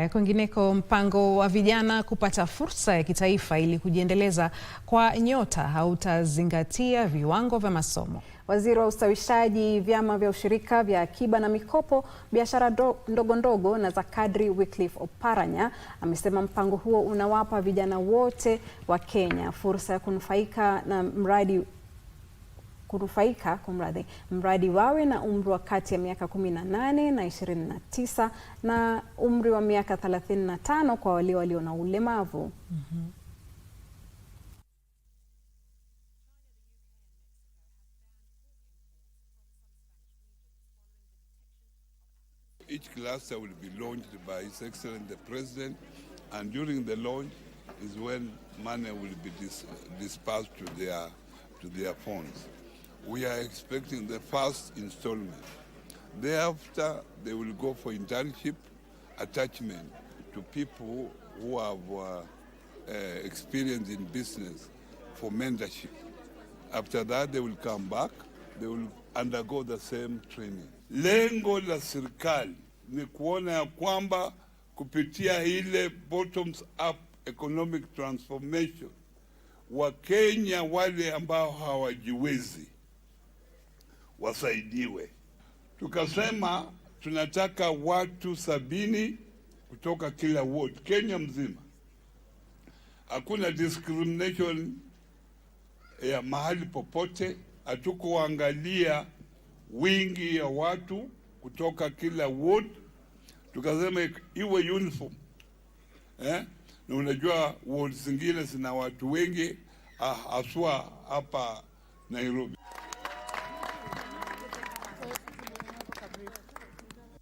Eh, kwingineko, mpango wa vijana kupata fursa ya kitaifa ili kujiendeleza kwa nyota hautazingatia viwango vya masomo. Waziri wa Ustawishaji, Vyama vya Ushirika vya Akiba na Mikopo, Biashara ndogo ndogo na za Kadri, Wycliffe Oparanya, amesema mpango huo unawapa vijana wote wa Kenya fursa ya kunufaika na mradi kunufaika kumradhi, mradi wawe na umri wa kati ya miaka 18 na 29 na umri wa miaka 35 kwa wale walio na ulemavu. mm -hmm. Each cluster will be launched by His Excellency the President and during the launch is when money will be dis dispersed to their, to their funds we are expecting the first installment. Thereafter, they will go for internship attachment to people who have uh, uh, experience in business for mentorship. After that, they will come back, they will undergo the same training. Lengo la serikali ni kuona ya kwamba kupitia ile bottoms up economic transformation Wakenya wale ambao hawajiwezi wasaidiwe. Tukasema tunataka watu sabini kutoka kila ward Kenya mzima. Hakuna discrimination ya mahali popote, hatukuangalia wingi ya watu kutoka kila ward. Tukasema iwe uniform eh? Na unajua ward zingine zina watu wengi ah, haswa hapa Nairobi.